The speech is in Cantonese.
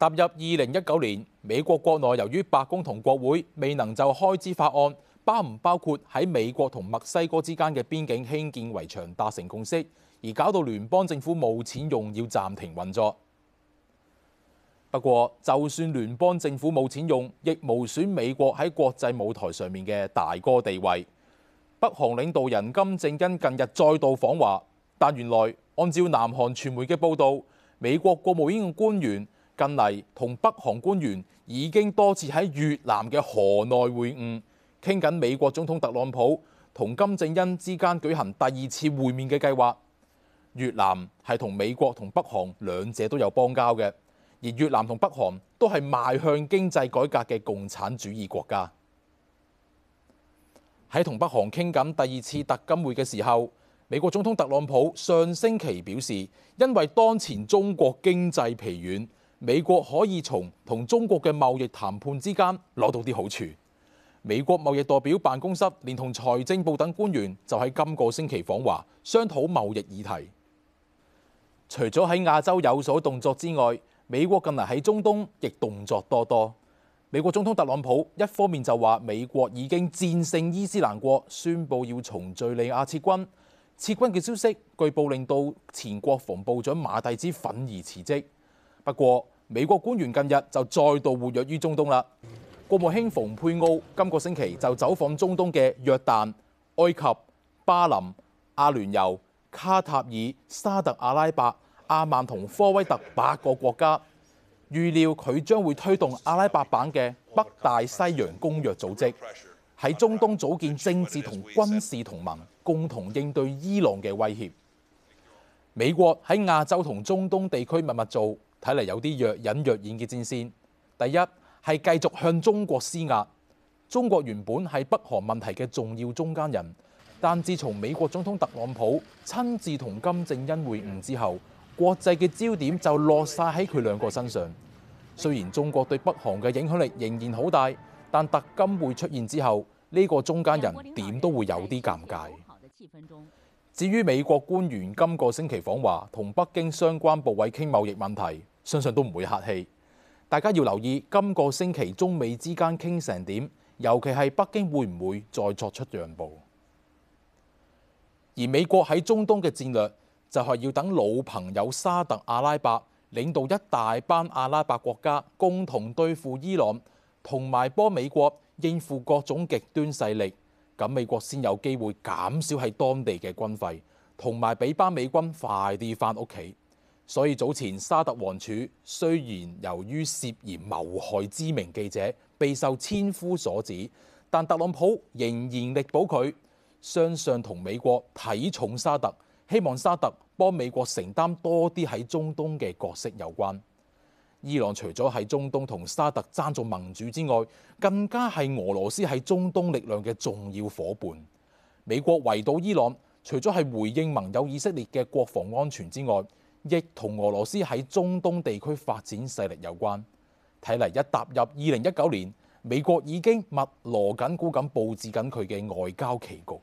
踏入二零一九年，美國國內由於白宮同國會未能就開支法案包唔包括喺美國同墨西哥之間嘅邊境興建圍牆達成共識，而搞到聯邦政府冇錢用，要暫停運作。不過，就算聯邦政府冇錢用，亦無損美國喺國際舞台上面嘅大哥地位。北韓領導人金正恩近日再度訪華，但原來按照南韓傳媒嘅報道，美國國務院嘅官員近嚟同北韓官員已經多次喺越南嘅河內會晤，傾緊美國總統特朗普同金正恩之間舉行第二次會面嘅計劃。越南係同美國同北韓兩者都有邦交嘅，而越南同北韓都係邁向經濟改革嘅共產主義國家。喺同北韓傾緊第二次特金會嘅時候，美國總統特朗普上星期表示，因為當前中國經濟疲軟。美國可以從同中國嘅貿易談判之間攞到啲好處。美國貿易代表辦公室連同財政部等官員就喺今個星期訪華商討貿易議題。除咗喺亞洲有所動作之外，美國近嚟喺中東亦動作多多。美國總統特朗普一方面就話美國已經戰勝伊斯蘭國，宣佈要從敍利亞撤軍。撤軍嘅消息據報令到前國防部長馬蒂斯憤而辭職。不過，美國官員近日就再度活躍於中東啦。國務卿蓬佩奧今個星期就走訪中東嘅約旦、埃及、巴林、阿聯酋、卡塔爾、沙特阿拉伯、阿曼同科威特八個國家，預料佢將會推動阿拉伯版嘅北大西洋公約組織喺中東組建政治同軍事同盟，共同應對伊朗嘅威脅。美國喺亞洲同中東地區密密做。睇嚟有啲若隱若現嘅戰線。第一係繼續向中國施壓。中國原本係北韓問題嘅重要中間人，但自從美國總統特朗普親自同金正恩會晤之後，國際嘅焦點就落晒喺佢兩個身上。雖然中國對北韓嘅影響力仍然好大，但特金會出現之後，呢個中間人點都會有啲尷尬。至於美國官員今個星期訪華，同北京相關部委傾貿易問題。相信都唔會客氣，大家要留意今個星期中美之間傾成點，尤其係北京會唔會再作出讓步？而美國喺中東嘅戰略就係要等老朋友沙特阿拉伯領導一大班阿拉伯國家共同對付伊朗，同埋幫美國應付各種極端勢力，咁美國先有機會減少喺當地嘅軍費，同埋俾班美軍快啲翻屋企。所以早前沙特王儲雖然由於涉嫌謀害知名記者，備受千夫所指，但特朗普仍然力保佢，相信同美國睇重沙特，希望沙特幫美國承擔多啲喺中東嘅角色有關。伊朗除咗喺中東同沙特爭做盟主之外，更加係俄羅斯喺中東力量嘅重要伙伴。美國圍堵伊朗，除咗係回應盟友以色列嘅國防安全之外，亦同俄羅斯喺中東地區發展勢力有關，睇嚟一踏入二零一九年，美國已經密鑼緊鼓噉布置緊佢嘅外交棋局。